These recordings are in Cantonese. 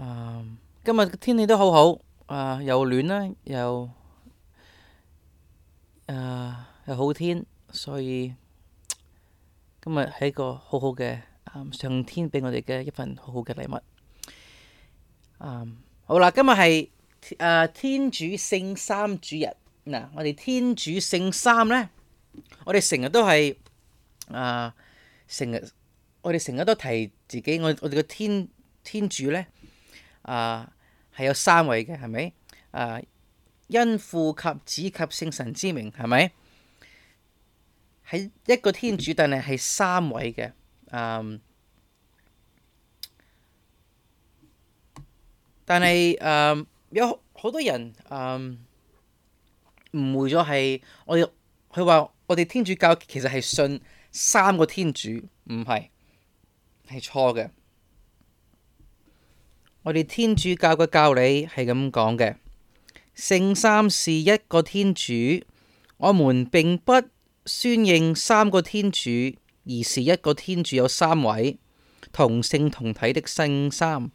嗯，今日嘅天氣都好好，啊又暖啦，又啊又好天，所以今日係一個好好嘅嗯上天俾我哋嘅一份好好嘅禮物。嗯，好啦，今日係誒天主聖三主日，嗱我哋天主聖三呢，我哋成日都係啊成日，我哋成日都提自己，我我哋個天天主呢。啊，係、uh, 有三位嘅，係咪？啊、uh,，因父及子及聖神之名，係咪？係一個天主，但係係三位嘅。嗯、um,，但係嗯有好多人嗯、um, 誤會咗係我哋，佢話我哋天主教其實係信三個天主，唔係，係錯嘅。我哋天主教嘅教理係咁講嘅，聖三是一個天主，我們並不宣認三個天主，而是一個天主有三位同性同體的聖三。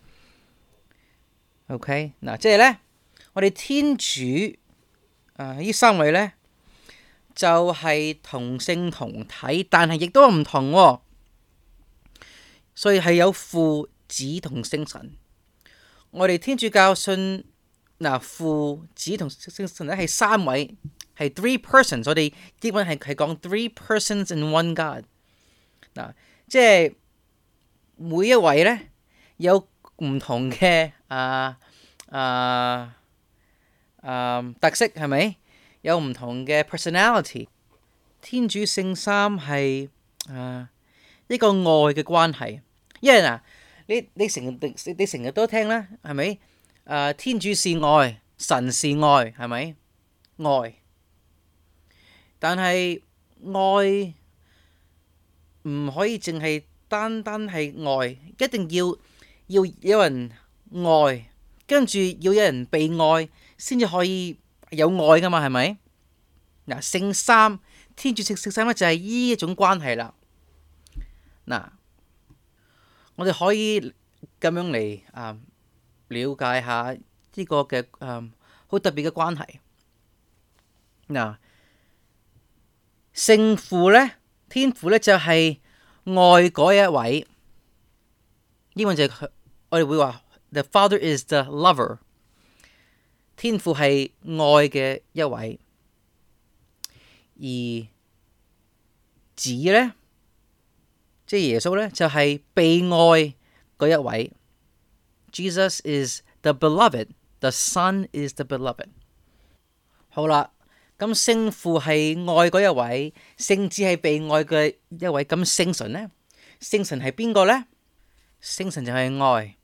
OK，嗱，即係呢，我哋天主呢、呃、三位呢，就係、是、同性同體，但係亦都唔同、哦，所以係有父、子同聖神。我哋天主教信嗱父子同聖聖神咧係三位係 three persons，我哋基本係係講 three persons in one god 嗱，即係每一位咧有唔同嘅啊啊啊特色係咪？有唔同嘅 personality。天主聖三係啊一個愛嘅關係，因為嗱。你你成日你成日都聽啦，係咪？誒，天主是愛，神是愛，係咪？愛，但係愛唔可以淨係單單係愛，一定要要有人愛，跟住要有人被愛，先至可以有愛㗎嘛，係咪？嗱，聖三，天主聖聖三呢就係依一種關係啦。嗱。我哋可以咁樣嚟啊，瞭解下呢個嘅啊好特別嘅關係啊，聖父咧，天父咧就係、是、愛嗰一位，英文就係、是、我哋會話 The Father is the Lover，天父係愛嘅一位，而子咧。即係耶穌咧，就係、是、被愛嗰一位。Jesus is the beloved，the Son is the beloved 好。好啦，咁聖父係愛嗰一位，聖子係被愛嘅一位，咁聖神呢？聖神係邊個呢？聖神就係愛，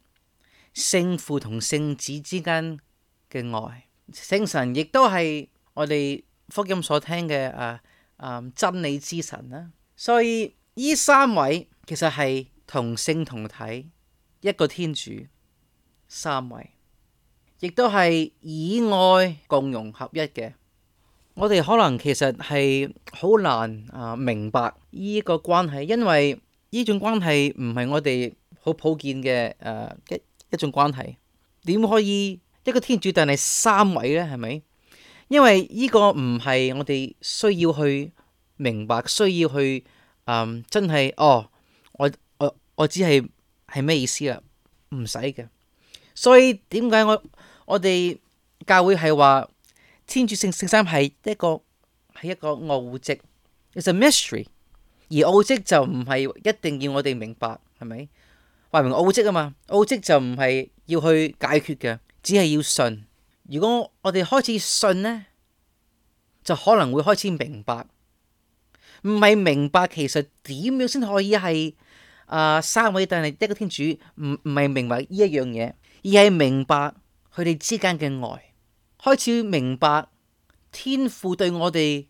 聖父同聖子之間嘅愛，聖神亦都係我哋福音所聽嘅啊啊真理之神啦，所以。呢三位其實係同性同體一個天主，三位亦都係以愛共融合一嘅。我哋可能其實係好難啊明白呢個關係，因為呢種關係唔係我哋好普遍嘅誒、啊、一一種關係。點可以一個天主但係三位呢？係咪？因為呢個唔係我哋需要去明白，需要去。Um, 真係哦，我我我只係係咩意思啦？唔使嘅，所以點解我我哋教會係話天主聖聖三係一個係一個奧蹟，It's a mystery。而奧蹟就唔係一定要我哋明白，係咪？話明奧蹟啊嘛，奧蹟就唔係要去解決嘅，只係要信。如果我哋開始信呢，就可能會開始明白。唔係明白其實點樣先可以係啊、呃、三位，但係一個天主，唔唔係明白呢一樣嘢，而係明白佢哋之間嘅愛，開始明白天父對我哋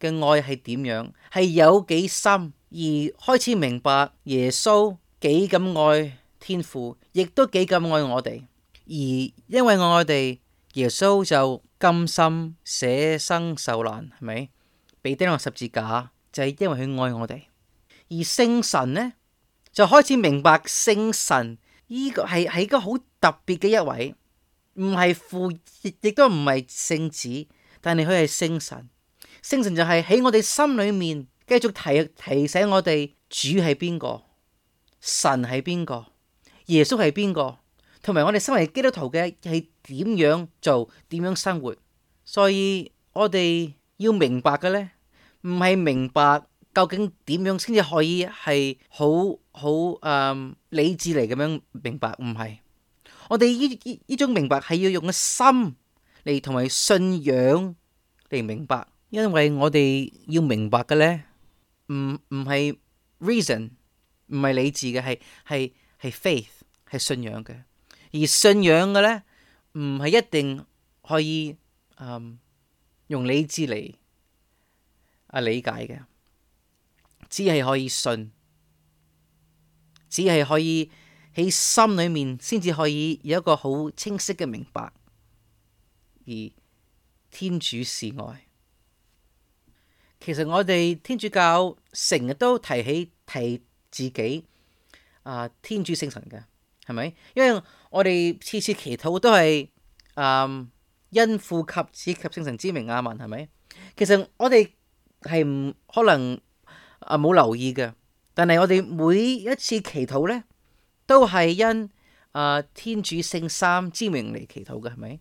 嘅愛係點樣，係有幾深，而開始明白耶穌幾咁愛天父，亦都幾咁愛我哋，而因為愛我哋，耶穌就甘心捨生受難，係咪？被釘上十字架。就係因為佢愛我哋，而聖神呢就開始明白聖神呢個係係一個好特別嘅一位，唔係父亦亦都唔係聖子，但係佢係聖神。聖神就係喺我哋心裏面繼續提提醒我哋主係邊個，神係邊個，耶穌係邊個，同埋我哋身為基督徒嘅係點樣做點樣生活。所以我哋要明白嘅呢。唔係明白究竟點樣先至可以係好好誒理智嚟咁樣明白？唔係，我哋呢呢種明白係要用個心嚟同埋信仰嚟明白，因為我哋要明白嘅咧，唔唔係 reason，唔係理智嘅，係係係 faith，係信仰嘅。而信仰嘅咧，唔係一定可以誒、嗯、用理智嚟。啊！理解嘅，只係可以信，只係可以喺心裏面先至可以有一個好清晰嘅明白。而天主是愛，其實我哋天主教成日都提起提自己啊、呃，天主聖神嘅，係咪？因為我哋次次祈禱都係，嗯，因父及子及聖神之名亞孟，係咪？其實我哋。係唔可能啊！冇留意嘅，但係我哋每一次祈禱呢，都係因啊、呃、天主聖三之名嚟祈禱嘅，係咪？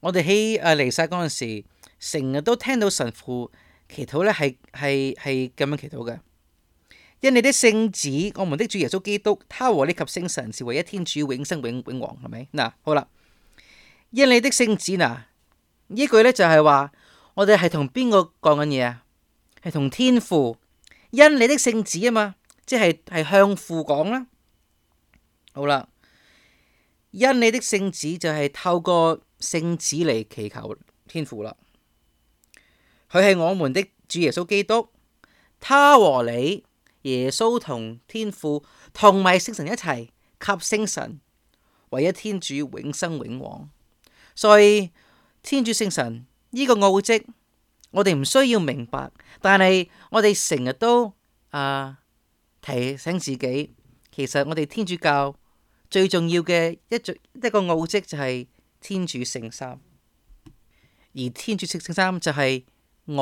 我哋喺啊嚟晒嗰陣時，成日都聽到神父祈禱呢，係係係咁樣祈禱嘅。因你的聖子，我們的主耶穌基督，他和你及聖神,神是唯一天主永生永永王，係咪？嗱，好啦，因你的聖子嗱，呢句呢就係話我哋係同邊個講緊嘢啊？係同天父，因你的聖子啊嘛，即係係向父講啦。好啦，因你的聖子就係透過聖子嚟祈求天父啦。佢係我們的主耶穌基督，他和你，耶穌同天父同埋聖神一齊，及聖神，唯一天主永生永王。所以天主聖三呢，這個奧跡。我哋唔需要明白，但係我哋成日都啊提醒自己，其實我哋天主教最重要嘅一種一個奧跡就係天主聖三，而天主聖三就係愛，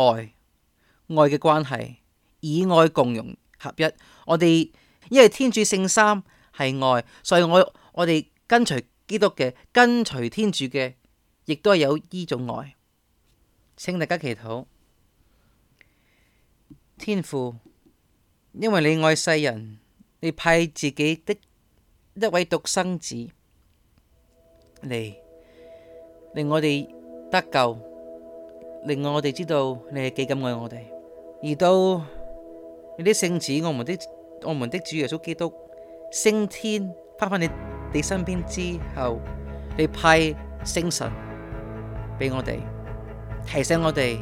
愛嘅關係，以愛共融合一。我哋因為天主聖三係愛，所以我我哋跟隨基督嘅，跟隨天主嘅，亦都係有呢種愛。請大家祈禱。天父，因為你愛世人，你派自己的一位獨生子嚟令我哋得救，令我哋知道你係幾咁愛我哋。而到你啲聖子，我們的我們的主耶穌基督升天返返你你身邊之後，你派聖神俾我哋。提醒我哋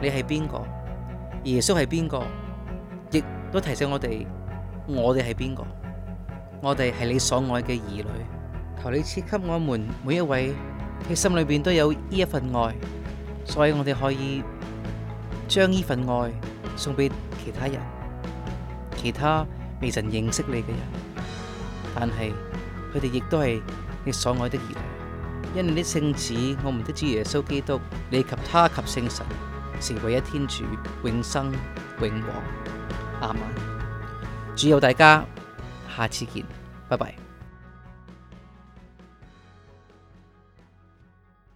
你係邊個，耶穌係邊個，亦都提醒我哋我哋係邊個，我哋係你所愛嘅兒女。求你賜給我們每一位喺心裏邊都有呢一份愛，所以我哋可以將呢份愛送俾其他人，其他未曾認識你嘅人，但係佢哋亦都係你所愛嘅兒女。因你的聖子，我們的主耶穌基督，你及他及聖神，是唯一天主，永生永王。亞孟，主佑大家，下次見，拜拜。